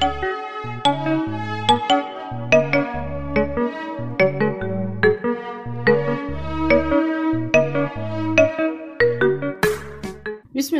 Thank you.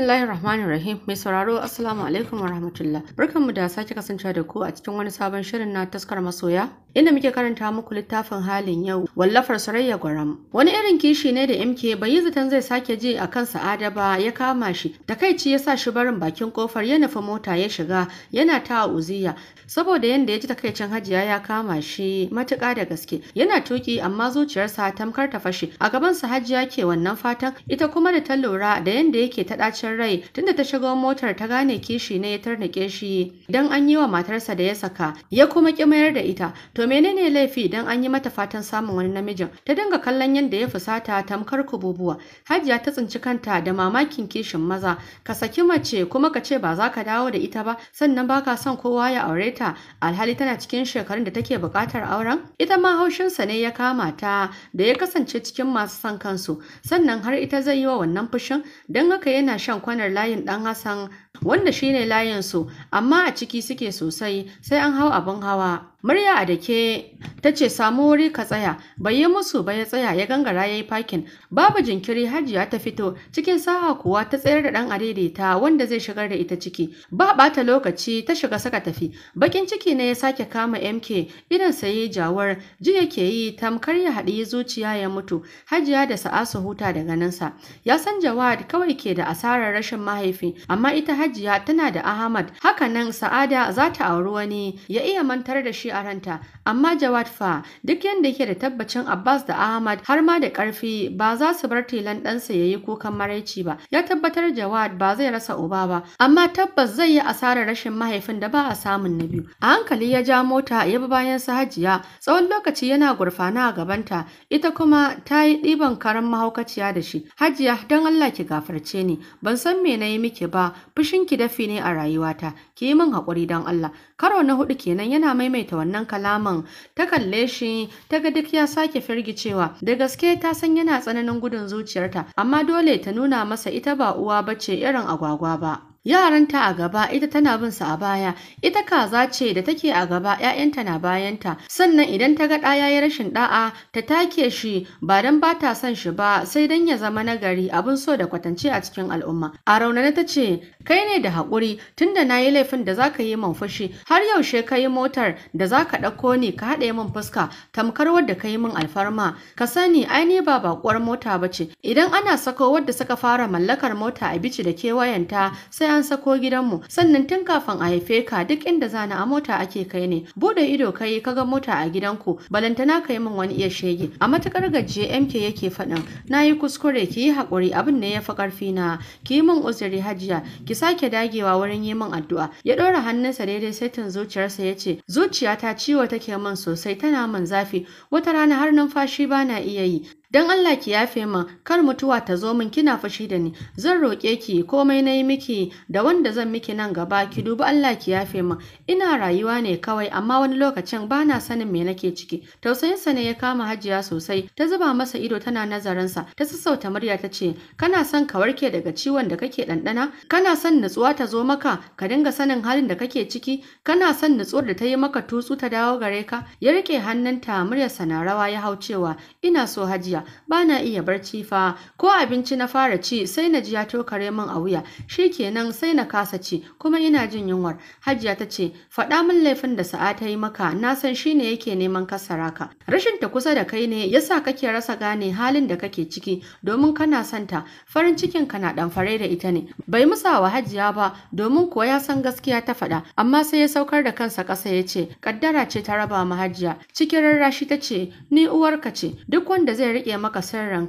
Bismillahir Rahmanir Rahim. Mai sauraro Assalamu alaikum wa rahmatullah. Barkanmu da sake kasancewa da ku a cikin wani sabon shirin na taskar masoya. Inda muke karanta muku littafin halin yau wallafar Sarayya Gwaram. Wani irin kishi ne da MK bai yi zai sake ji a kan Sa'ada ba ya kama shi. Takaici ya sa shi barin bakin kofar ya nufi mota ya shiga yana ta uziya saboda yanda ya ji takaicin Hajiya ya kama shi matuƙa da gaske. Yana tuki amma zuciyarsa tamkar ta fashe. A gaban sa Hajiya ke wannan fatan ita kuma da ta lura da yanda yake ta ɗacin rai tunda ta shigo motar ta gane kishi ne ya tarnake shi idan an yi wa matarsa da ya saka ya kuma ki mayar da ita to menene laifi idan an yi mata fatan samun wani namijin ta dinga kallon yadda ya fusata tamkar kububuwa hajiya ta tsinci kanta da mamakin kishin maza ka saki mace kuma ka ce ba za ka dawo da ita ba sannan baka son kowa ya aure ta alhali tana cikin shekarun da take buƙatar auren ita ma haushinsa ne ya kama ta da ya kasance cikin masu son kansu sannan har ita zai yi wa wannan fushin don haka yana shan kwanar layin dan Hassan wanda shine layin su amma a ciki suke sosai sai an hau abin hawa Murya a dake ta ce samu wuri ka tsaya, bai yi musu ba ya tsaya ya gangara ya yi fakin. Babu jinkiri hajiya ta fito cikin sa'a kuwa ta tsayar da ɗan adaidaita wanda zai shigar da ita ciki. Ba ɓata lokaci ta shiga saka tafi. Bakin ciki ne ya sake kama MK idan saye jawar ji yake yi tamkar ya haɗi zuciya ya mutu. Hajiya da sa'a su huta daga sa Ya san Jawad kawai ke da asarar rashin mahaifi amma ita Hajiya tana da Ahmad. Hakanan Sa'ada za ta auri wani ya iya mantar da shi a amma Jawad fa duk yadda yake da tabbacin Abbas da Ahmad har ma da karfi ba za su bar tilan ɗansa ya yi kukan maraici ba ya tabbatar Jawad ba zai rasa uba ba amma tabbas zai yi asarar rashin mahaifin da ba a samun na biyu a hankali ya ja mota ya bi bayan su Hajiya tsawon lokaci yana gurfana a gabanta ita kuma ta yi ɗiban karan mahaukaciya da shi Hajiya don Allah ki gafarce ni ban san me na yi miki ba fushinki dafi ne a rayuwata ki yi min haƙuri don Allah karo na hudu kenan yana maimaita wannan kalaman ta kalle shi ta ga duk ya sake firgicewa da gaske ta san yana tsananin gudun zuciyarta amma dole ta nuna masa ita ba uwa bace irin agwagwa ba yaranta a gaba ita tana bin su a baya ita kaza ce da take a gaba ƴaƴanta na bayanta sannan idan ta ga ɗaya ya rashin ɗa'a, ta take shi ba dan ba ta son shi ba sai dan ya zama nagari abin so da kwatance a cikin al'umma a raunana ta ce kai ne da haƙuri tunda na yi laifin da zaka yi min fushi har yaushe ka yi motar da zaka ɗauko ni ka haɗe min fuska tamkar wadda ka yi min alfarma ka sani ai ni ba baƙuwar mota ba ce idan ana sako wadda suka fara mallakar mota a bici da kewayenta sai an sako gidanmu sannan tun kafin a haife ka duk inda zana a mota ake kai ne bude ido kai kaga mota a gidanku balantana kai min wani iya shege a matakar gajiye MK yake faɗin na yi kuskure ki yi haƙuri abin ne ya fi ƙarfi na ki yi min uzuri hajiya ki sake dagewa wurin yi min addu'a ya ɗora hannunsa daidai saitin zuciyarsa ya ce zuciyata ciwo take min sosai tana min zafi wata rana har numfashi ba na iya yi dan Allah ki yafe min kar mutuwa ta zo min kina fushi da ni zan roƙe ki komai nayi miki da wanda zan miki nan gaba ki dubi Allah ki yafe min ina rayuwa ne kawai amma wani lokacin bana sanin me nake ciki Tausayinsa ne ya kama Hajiya sosai ta zuba masa ido tana nazarin sa ta sassauta murya ta ce kana son ka warke daga ciwon da kake dandana kana son nutsuwa ta zo maka ka dinga sanin halin da kake ciki kana son nutsuwar da ta yi maka tutsu ta dawo gare ka ya rike hannunta muryarsa na rawa ya hau cewa ina so Hajiya ba na iya barci fa ko abinci na fara ci sai na ji ya tokare min a wuya Shi kenan sai na kasa ci kuma ina jin yunwar hajiya ta ce faɗa min laifin da sa'a ta yi maka na san shi ne yake neman kasara ka rashin ta kusa da kai ne yasa kake rasa gane halin da kake ciki domin kana santa farin cikin ka na ɗamfare da ita ne bai musa wa hajiya ba domin kuwa ya san gaskiya ta faɗa amma sai ya saukar da kansa ƙasa ya ce ƙaddara ce ta raba mu hajiya cikin rarrashi ta ce ni uwarka ce duk wanda zai riƙe iya maka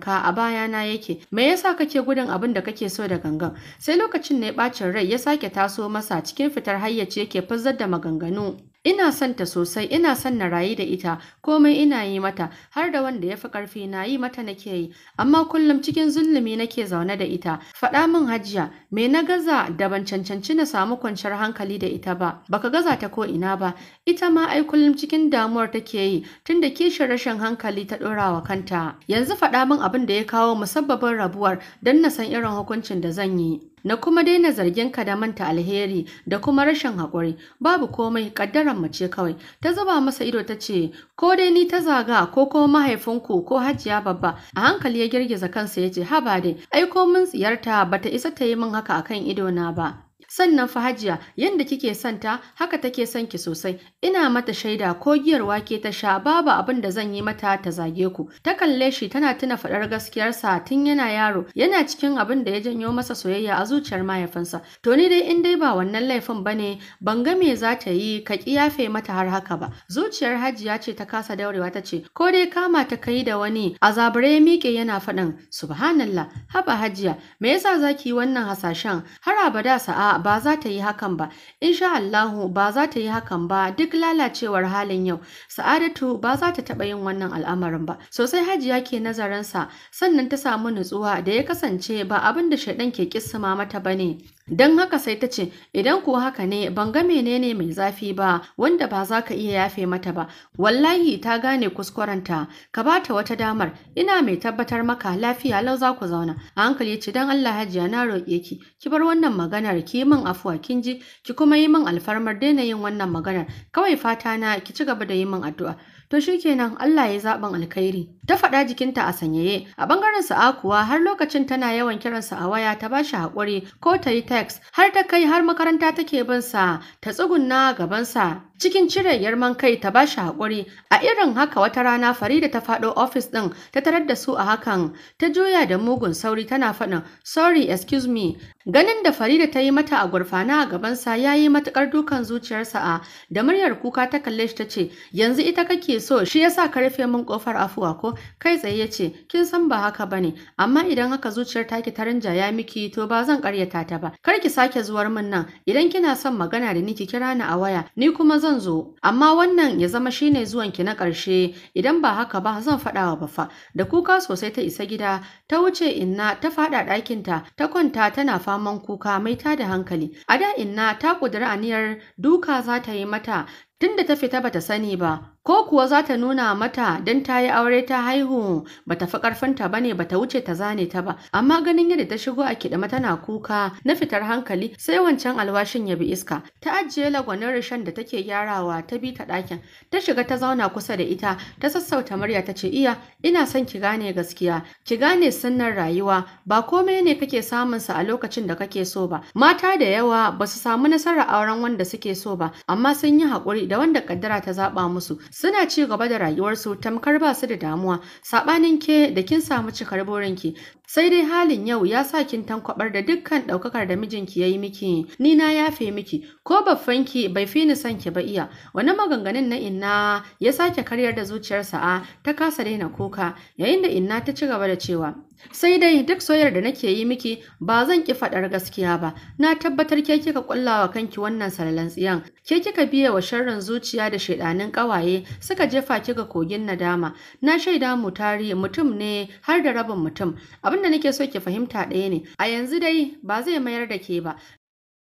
ka a baya na yake me yasa kake gudun abin da kake so da gangan sai lokacin ne bacin rai ya sake taso masa cikin fitar hayyaci yake fuzzar da maganganu Ina son ta sosai, ina son na rayu da ita, komai ina yi mata, har da wanda ya fi ƙarfi na yi mata nake yi, amma kullum cikin zulumi nake zaune da ita. Faɗa min hajiya, me na gaza da ban cancanci na samu kwanciyar hankali da ita ba, baka gaza ta ko ina ba, ita ma ai kullum cikin damuwar take yi, tunda kishin rashin hankali ta ɗora wa kanta. Yanzu faɗa min abin da ya kawo musabbabin rabuwar don na san irin hukuncin da zan yi. na kuma daina zargin ka da manta alheri da kuma rashin haƙuri babu komai ƙaddaran mace kawai ta zuba masa ido ta ce ko dai ni ta zaga ko kuma mahaifinku ko hajiya babba a hankali ya girgiza kansa ya ce haba dai ai mun ziyarta bata isa ta yi min haka akan ido na ba sannan fa hajiya yanda kike son haka take son ki sosai ina mata shaida ko giyar wake ta sha babu abin da zan yi mata ta zage ku ta kalle shi tana tuna faɗar gaskiyarsa tun yana yaro yana cikin abin da ya janyo masa soyayya a zuciyar mahaifinsa to ni dai in dai ba wannan laifin bane ban ga me za ta yi ka kiyafe mata har haka ba zuciyar hajiya ce ta kasa daurewa ta ce ko dai kama ta kai da wani azabare ya miƙe yana faɗin subhanallah haba hajiya me yasa zaki wannan hasashen har abada sa'a ba za ta yi hakan ba insha Allahu ba za ta yi hakan ba duk lalacewar halin yau sa'adatu ba za ta taɓa yin wannan al'amarin ba sosai hajiya ke nazarinsa sannan ta samu nutsuwa da ya kasance ba abin da shaidan ke kissima mata ba ne. Don haka sai ta ce, Idan kuwa haka ne, ban ga menene mai zafi ba, wanda ba za ka iya yafe mata ba, wallahi ta gane kuskurenta, ka ba ta wata damar, ina mai tabbatar maka lafiya lau za ku zauna. A hankali ce don Allah hajiya na roƙe ki, ki bar wannan maganar ki min afuwa kin ji, ki kuma yi min alfarmar daina yin wannan maganar, kawai fata na ki ci gaba da yi min addu'a. To shikenan Allah ya zaɓin alkhairi. ta faɗa jikinta a sanyaye a bangaren sa'a kuwa har lokacin tana yawan kiransa a waya ta bashi haƙuri ko ta yi text har ta kai har makaranta take bin sa ta tsugunna gabansa cikin cire girman kai ta bashi haƙuri a irin haka wata rana Farida ta faɗo ofis ɗin ta tarar da su a hakan ta juya da mugun sauri tana faɗin sorry excuse me ganin da Farida ta yi mata a gurfana a gabansa ya yi matuƙar dukan zuciyarsa a da muryar kuka ta kalle shi ta ce yanzu ita kake so shi yasa ka rufe min ƙofar afuwa ko kai tsaye ya ce kin san ba haka ba ne?' amma idan haka zuciyar taki ta ya miki to ba zan karyata ta ba kar ki sake zuwar min nan idan kina son magana da ni ki kira ni a waya ni kuma zan zo amma wannan ya zama shine zuwan ki na karshe idan ba haka ba zan faɗa wa bafa da kuka sosai ta isa gida ta wuce inna ta faɗa ɗakin ta ta kwanta tana faman kuka mai ta da hankali a da inna ta ƙudiri aniyar duka za ta yi mata Tunda ta fita bata sani ba, ko kuwa za ta nuna mata don ta yi aure ta haihu bata fi karfinta bane bata wuce ta zane ta ba, amma ganin yadda ta shigo a kiɗa ma tana kuka na fitar hankali sai wancan alwashin ya bi iska. Ta ajiye lagwanin rishan da take gyarawa ta bi ta ɗakin, ta shiga ta zauna kusa da ita, ta sassauta murya ta ce iya ina son ki gane gaskiya, ki gane sannan rayuwa ba komai ne kake samun sa a lokacin da kake so ba. Mata da yawa ba su samu nasarar auren wanda suke so ba, amma sun yi haƙuri da wanda kaddara ta zaba musu suna ci gaba da rayuwarsu tamkar ba su da damuwa Sabanin ke da kin samu cikar ki. sai dai halin yau ya sa kin tankwabar da dukkan ɗaukakar da mijinki yayi miki ni na yafe miki ko baffan ki bai fi ni son ki ba iya wani maganganun na inna ya sake karyar da zuciyar sa'a ta kasa daina kuka yayin da inna ta ci gaba da cewa sai dai duk soyar da nake yi miki ba zan ki faɗar gaskiya ba na tabbatar ke kika ƙulla wa kanki wannan salalan tsiyan ke kika biya wa sharrin barin zuciya da shaidanin ƙawaye suka jefa ki ga kogin nadama. Na shaida mu tari mutum ne har da rabin mutum. Abin da nake so ki fahimta ɗaya ne. A yanzu dai ba zai mayar da ke ba.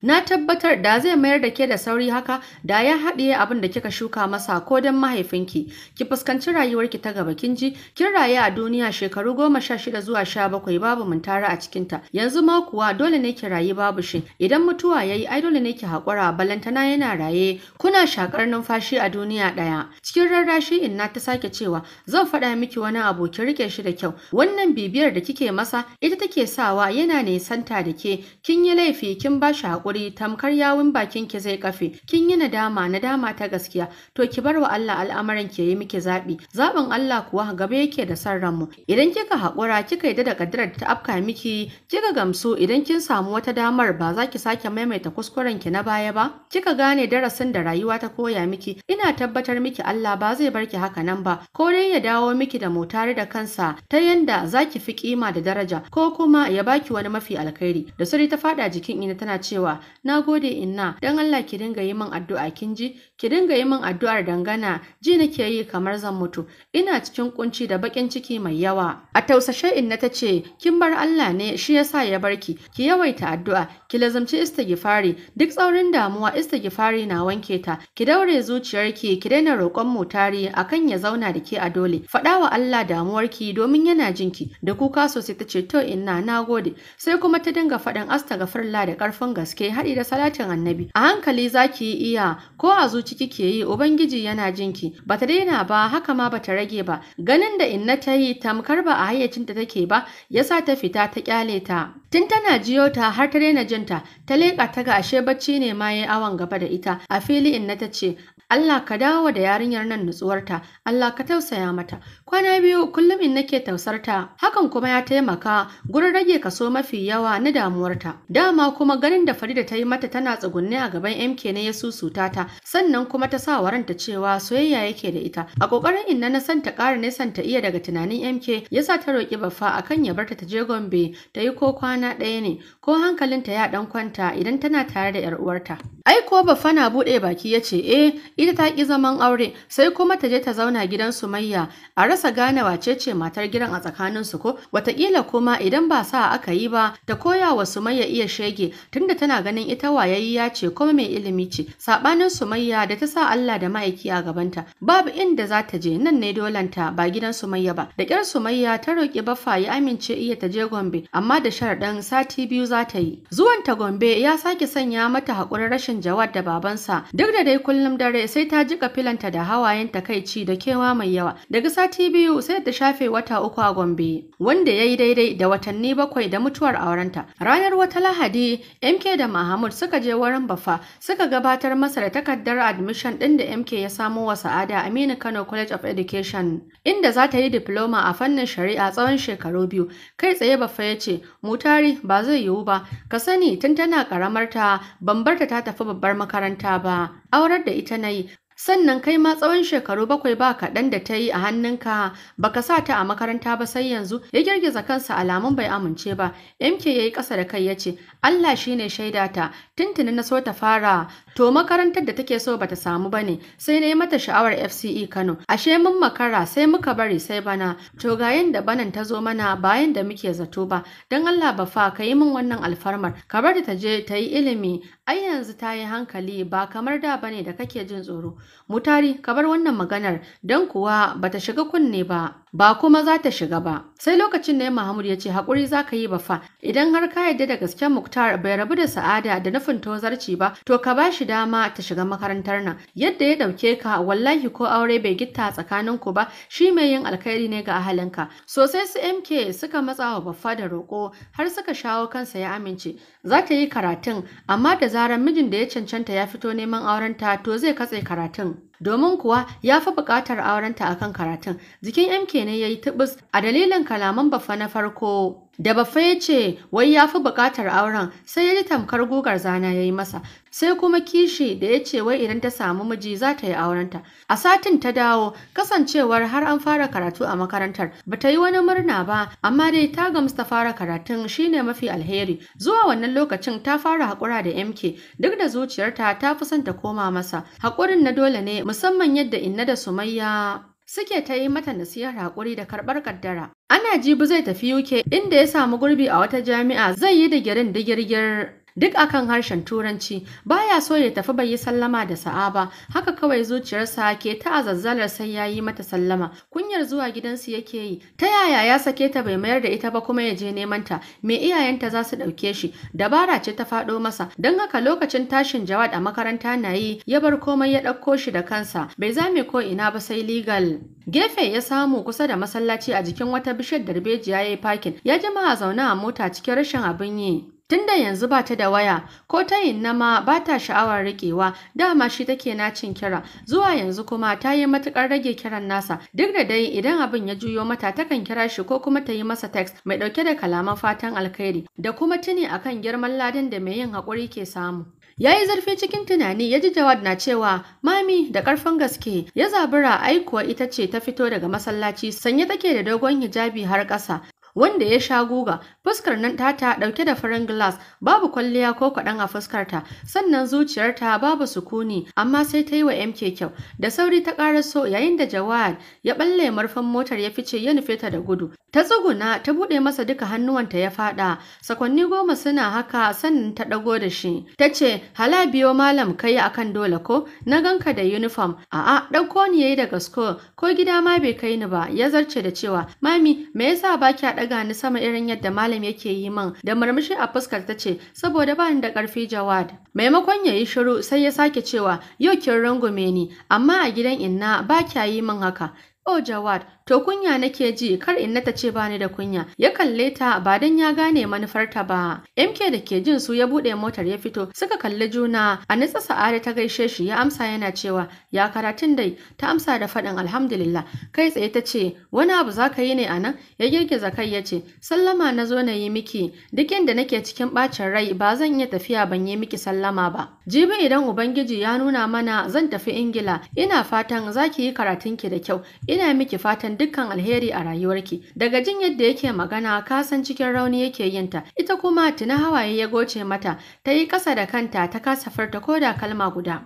Na tabbatar da zai mayar da ke da sauri haka da ya haɗiye abin da kika shuka masa ko don mahaifinki. Ki fuskanci rayuwarki ta gaba kin ji kin raye a duniya shekaru goma sha shida zuwa sha bakwai babu muntara a cikinta. Yanzu ma kuwa dole ne ki rayu babu shi. Idan mutuwa ya yi ai dole ne ki haƙura balantana yana raye. Kuna shakar numfashi a duniya ɗaya. Cikin rarrashi na ta sake cewa zan faɗa miki wani abu ki riƙe shi da kyau. Wannan bibiyar da kike masa ita take sawa yana nesanta da ke. Kin yi laifi kin ba shi haƙuri. hakuri tamkar yawun bakin ki zai kafe kin yi nadama nadama ta gaskiya to ki bar wa Allah al'amarin ki yi miki zabi zaben Allah kuwa gaba yake da san ranmu idan kika hakura kika yi da kaddarar ta afka miki kika gamsu idan kin samu wata damar ba za ki sake maimaita kuskuren ki na baya ba kika gane darasin da rayuwa ta koya miki ina tabbatar miki Allah ba zai barki haka nan ba ko dai ya dawo miki da motare da kansa ta yanda za ki fi kima da daraja ko kuma ya baki wani mafi alkhairi da suri ta fada jikin ina tana cewa na gode inna don Allah ki dinga yi min addu'a kin ji ki dinga yi min addu'ar dangana ji nake yi kamar zan mutu ina cikin kunci da bakin ciki mai yawa a tausashe inna ta ce kin bar Allah ne shi yasa ya barki ki yawaita addu'a ki lazamci istighfari duk tsaurin damuwa istighfari na wanke ta ki daure zuciyarki ki daina roƙon tari. akan ya zauna da ke a dole faɗawa Allah damuwarki domin yana jin ki. da kuka sosai ta ce to inna na gode" sai kuma ta dinga faɗin astaghfirullah da ƙarfin gaske Mai haɗi da salatin annabi a hankali za ki iya ko a zuci kike yi ubangiji yana jinki ba ta daina ba haka ma ba ta rage ba ganin da inna ta yi tamkar ba a hayyacinta take ba yasa ta fita ta kyale ta Tun tana jiyo ta har ta daina jinta, ta leƙa ta ga ashe bacci ne ma yayi awon gaba da ita. A fili inna ta ce, Allah ka dawo da yarinyar nan nutsuwarta, Allah ka tausaya mata. Kwana biyu kullum in nake tausarta, hakan kuma ya taimaka gurin rage kaso mafi yawa na damuwarta. Dama kuma ganin da Farida ta yi mata tana tsugunne a gaban MK ne ya susuta ta, sannan kuma ta sa waranta cewa soyayya yake da ita. A kokarin inna na san ta ƙara nisan ta iya daga tunanin MK, yasa ta roƙi baffa akan ya barta ta je Gombe ta yi ko kwana kwana ɗaya ne ko hankalinta ya ɗan kwanta idan tana tare da 'yar uwarta. Ai ko Baffa na buɗe baki ya ce eh ita ta ƙi zaman aure sai kuma ta je ta zauna gidan Sumayya a rasa gane wace ce matar gidan a tsakanin su ko watakila kuma idan ba sa aka yi ba ta koya wa Sumayya iya shege tunda tana ganin ita ya ce kuma mai ilimi ce sabanin Sumayya da ta sa Allah da ma'aiki a gabanta babu inda za ta je nan ne dolanta ba gidan Sumayya ba da ƙyar Sumayya ta roƙi Baffa ya amince iya ta je Gombe amma da sharaɗin bayan sati biyu za ta yi. ta Gombe ya sake sanya mata haƙurin rashin jawab da babansa duk da dai kullum dare sai ta jika filanta da hawayen takaici da kewa mai yawa. Daga sati biyu sai ta shafe wata uku a Gombe wanda ya yi daidai da watanni bakwai da mutuwar aurenta. Ranar wata Lahadi MK da Mahmud suka je wurin bafa, suka gabatar masa da takardar admission ɗin da MK ya samo wa Sa'ada Aminu Kano College of Education inda za ta yi diploma a fannin shari'a tsawon shekaru biyu. Kai tsaye bafa ya ce mu tare wari ba zai yiwu ba ka sani tun tana karamarta bambarta ta tafi babbar makaranta ba aurar da ita na yi. sannan kai ma tsawon shekaru bakwai ba kaɗan da ta yi a hannunka Ba ka sa ta a makaranta ba sai yanzu ya girgiza kansa alamun bai amince ba MK ya yi ƙasa da kai ya ce Allah shine shaida ta tuntuni na so ta fara to makarantar da take so bata samu ba ne sai na yi mata sha'awar FCE Kano ashe mun makara sai muka bari sai bana to ga yanda banan ta zo mana bayan da muke zato ba don Allah ba fa ka yi min wannan alfarmar ka bari ta je ta yi ilimi ai yanzu ta yi hankali ba kamar da bane da kake jin tsoro Mutari, ka bar wannan maganar, don kuwa ba ta shiga kunne ba. ba kuma za ta shiga ba sai lokacin da mahamud ya ce haƙuri za ka yi ba fa idan har ka yarda da gasken Muktar bai rabu da sa'ada da nufin tozarci ba to ka ba shi dama ta shiga makarantar nan yadda ya ɗauke ka wallahi ko aure bai gitta tsakanin ku ba shi mai yin alkhairi ne ga ahalinka sosai su MK suka matsa wa baffa da roƙo, har suka shawo kansa ya amince za ta yi karatun amma da zarar mijin da ya cancanta ya fito neman aurenta to zai katse karatun domin kuwa ya fi buƙatar aurenta akan karatun. Jikin MK ne ya yi tubus a dalilin kalaman bafa na farko. Da bafa ya ce wai ya fi buƙatar auren sai ya ji tamkar gugar zana ya yi masa. Sai kuma kishi da ya ce wai idan ta samu miji za ta yi aurenta. A satin ta dawo kasancewar har an fara karatu a makarantar ba ta yi wani murna ba amma dai ta ga ta fara karatun shine mafi alheri. Zuwa wannan lokacin ta fara haƙura da MK duk da zuciyarta ta fi son ta koma masa. Haƙurin na dole ne musamman yadda Inna da Sumayya suke ta yi mata nasihar haƙuri da karɓar ƙaddara. Ana jibi zai tafi UK inda ya samu gurbi a wata jami'a zai yi da digirin digirgir duk akan harshen turanci baya so ya tafi bai yi sallama da sa'aba haka kawai zuciyarsa ke ta zazzalar sai ya yi mata sallama kunyar zuwa gidansu yake yi ta yaya ya sake ta bai mayar da ita ba kuma ya je neman ta me iyayenta za su ɗauke shi dabara ce ta faɗo masa don haka lokacin tashin jawad a makaranta na yi ya bar komai ya ɗauko shi da kansa bai zame ko ina ba sai legal gefe ya samu kusa da masallaci a jikin wata bishiyar darbejiya ya yi fakin ya jima a zaune a mota cikin rashin abin yi Tunda yanzu ba ta da waya, ko ta yinna ma ba ta sha'awar riƙewa, dama shi take nacin kira, zuwa yanzu kuma ta yi matuƙar rage kiran nasa, duk da dai idan abin ya juyo mata takan kira shi ko kuma ta yi masa text mai ɗauke da kalaman fatan alkhairi, da kuma tuni akan girman ladan da mai yin haƙuri ke samu. Ya yi zarfi cikin tunani ya ji Jawad na cewa mami da ƙarfin gaske ya zabura aikuwa ita ce ta fito daga masallaci sanye take da dogon hijabi har ƙasa wanda ya sha guga Fuskar nan ta ta ɗauke da farin glass babu kwalliya ko kwadan a fuskarta sannan zuciyarta babu sukuni amma sai ta yi wa MK kyau. Da sauri ta ƙara so yayin da Jawad ya ɓalle marfan motar ya fice ya nufe ta da gudu. Ta tsuguna ta buɗe masa duka hannuwanta ya faɗa. sakonni goma suna haka sannan ta ɗago da shi. Ta ce hala biyo malam kai akan dole ko na ganka da uniform. A'a ɗauko ni yayi daga school ko gida ma bai kai ni ba ya zarce da cewa mami me yasa ba ɗaga ni sama irin yadda malam malam yake yi min da murmushi a fuskar ta ce saboda ba ni da karfi Jawad. Maimakon ya yi shiru sai ya sake cewa yau kin rungume ni amma a gidan inna ba kya yi min haka. Oh Jawad, to kunya nake ji kar in nata ce bani da kunya ya kalle ta ba dan ya gane manufarta ba MK da ke jin su ya bude motar ya fito suka kalli juna Anisa Sa'ari ta gaishe shi ya amsa yana cewa ya karatun dai ta amsa da faɗin alhamdulillah kai tsaye ta ce wani abu za ka yi ne anan ya girgiza kai ya ce sallama na zo na yi miki duk inda nake cikin bacin rai ba zan iya tafiya ban yi miki sallama ba jibi idan ubangiji ya nuna mana zan tafi ingila ina fatan za ki yi karatunki da kyau ina miki fatan dukkan alheri a rayuwarki daga jin yadda yake magana ka san cikin rauni yake yin ta ita kuma tuna hawaye ya goce mata ta yi kasa da kanta ta kasa farta ko da kalma guda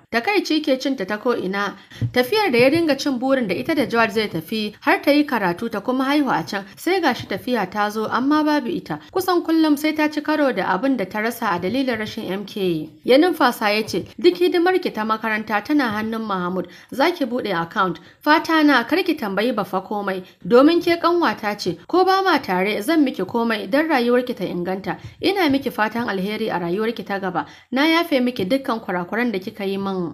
ci ke cinta ta ko ina tafiyar da ya dinga cin burin da ita da jawar zai tafi har ta yi karatu ta kuma haihu a can sai gashi tafiya ta zo amma babu ita kusan kullum sai ta ci karo da abin da ta rasa a dalilin rashin MK ya numfasa ya ce duk hidimar ki ta makaranta tana hannun Mahmud zaki buɗe account fata na karki tambayi fa ko komai domin ke kanwata ce ko ba ma tare zan miki komai don rayuwarki ta inganta ina miki fatan alheri a rayuwarki ta gaba na yafe miki dukkan kurakuran da kika yi min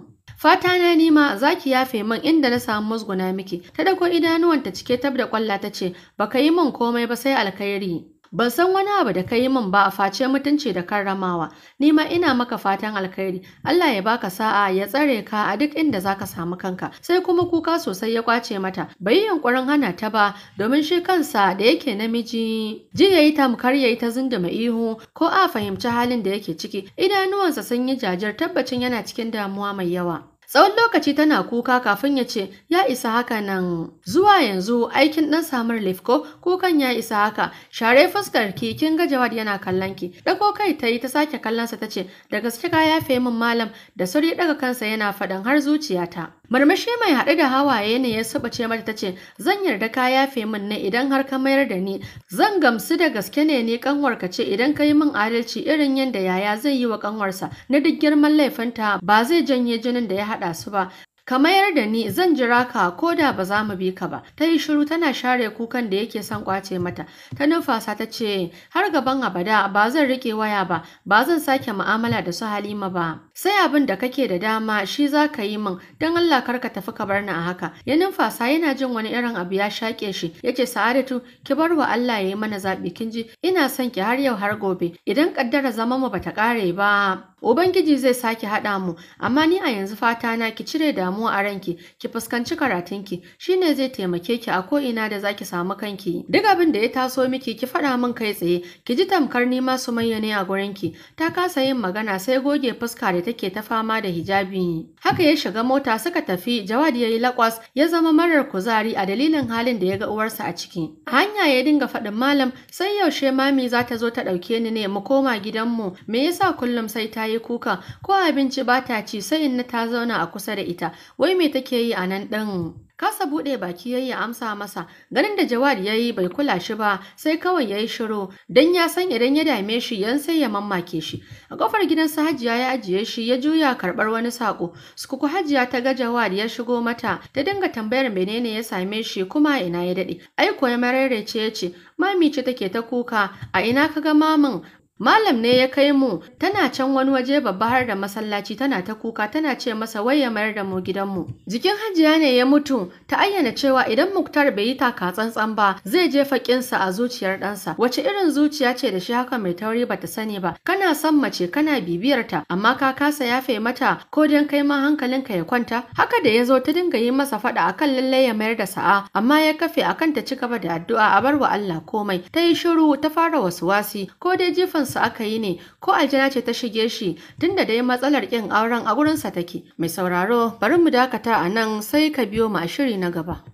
Fata na nima za ki yafe min inda na samu musguna miki, ta dako idanuwanta cike tab da kwalla ta ce, baka yi min komai ba sai alkhairi. Ban san wani abu da ka yi min ba a face mutunci da karramawa. Ni ma ina maka fatan alkhairi. Allah ya baka sa'a ya tsare ka a duk inda zaka samu kanka. Sai kuma kuka sosai ya kwace mata. Bai yi yunkurin hana ta ba domin shi kansa da yake namiji. Ji yayi tamkar yayi ta zunduma ihu ko a fahimci halin da yake ciki. Idanuwansa sun yi jajir tabbacin yana cikin damuwa mai yawa. Tsawon lokaci tana kuka kafin ya ce ya isa haka nan. Zuwa yanzu aikin ɗan samar Lifko kukan ya isa haka. Share fuskar ki kin ga Jawad yana kallon ki. Dako kai ta yi ta sake kallonsa ta ce da gaske ka yafe min malam da sauri daga kansa yana faɗan har zuciyata. Marmashi mai haɗe da hawaye ne ya ce mata tace Zan yarda ka yafe min ne idan har ka mayar da ni, zan gamsu da gaske ne ne ni ka ce idan ka yi min adalci irin yadda yaya zai yi wa kanwarsa na duk girman laifinta ba zai janye jinin da ya haɗa su ba. ka mayar da ni zan jira ka ko da ba za mu bi ka ba ta yi shiru tana share kukan da yake son kwace mata ta numfasa ta ce har gaban abada ba zan riƙe waya ba ba zan sake mu'amala da su Halima ba sai abin da kake da dama shi za ka yi min don Allah kar ka tafi ka bar ni a haka ya numfasa yana jin wani irin abu ya shaƙe shi Ya ce Sa'adatu ki bar wa Allah ya yi mana zaɓi kin ji ina son ki har yau har gobe idan kaddara zama mu bata ƙare ba Ubangiji zai sake haɗa mu, amma ni a yanzu fata na ki cire damuwa a ranki, ki fuskanci karatunki, ne zai taimake ki a ko'ina da da zaki samu kanki. Duk abin da ya taso miki ki faɗa min kai tsaye, ki ji tamkar ni ma su ne a gurinki. Ta kasa yin magana sai goge fuska da take ta fama da hijabi. Haka ya shiga mota suka tafi, Jawad ya yi lakwas, ya zama marar kuzari a dalilin halin da ya ga uwarsa a ciki. Hanya ya dinga faɗin malam, sai yaushe mami za ta zo ta ɗauke ni ne mu koma gidanmu, me yasa kullum sai ta yi yi kuka ko abinci ba ta ci sai inna ta zauna a kusa da ita wai me take yi a nan ɗin kasa buɗe baki yayi ya amsa masa ganin da jawad yayi bai kula shi ba sai kawai yayi shiru dan ya san idan ya dame shi yan sai ya mammake shi a kofar gidan su hajiya ya ajiye shi ya juya karɓar wani sako sukuku hajiya ta ga jawad ya shigo mata ta dinga tambayar menene ya same shi kuma ina ya dade ai ko ya mararece ce mami ce take ta kuka a ina kaga mamin Malam ne ya kai mu tana can wani waje babba har da masallaci tana ta kuka tana ce masa wai ya mayar da mu gidan mu. Jikin Hajiya ne ya mutu ta ayyana cewa idan Muktar bai yi taka tsantsan ba zai je faƙinsa a zuciyar ɗansa. Wace irin zuciya ce da shi haka mai tauri bata sani ba. Kana son mace kana bibiyarta amma ka kasa yafe mata ko dan kai ma hankalinka ya kwanta. Haka da ya zo ta dinga yi masa faɗa akan lalle ya mayar da sa'a amma ya kafe akan ta ci gaba da addu'a a bar wa Allah komai. Ta yi shiru ta fara wasu wasi, ko dai jifan su aka yi ne ko aljana ce ta shige shi tunda dai matsalar ƙin auren a gurinsa take. Mai sauraro bari mu dakata a nan sai ka biyo mu a shiri na gaba.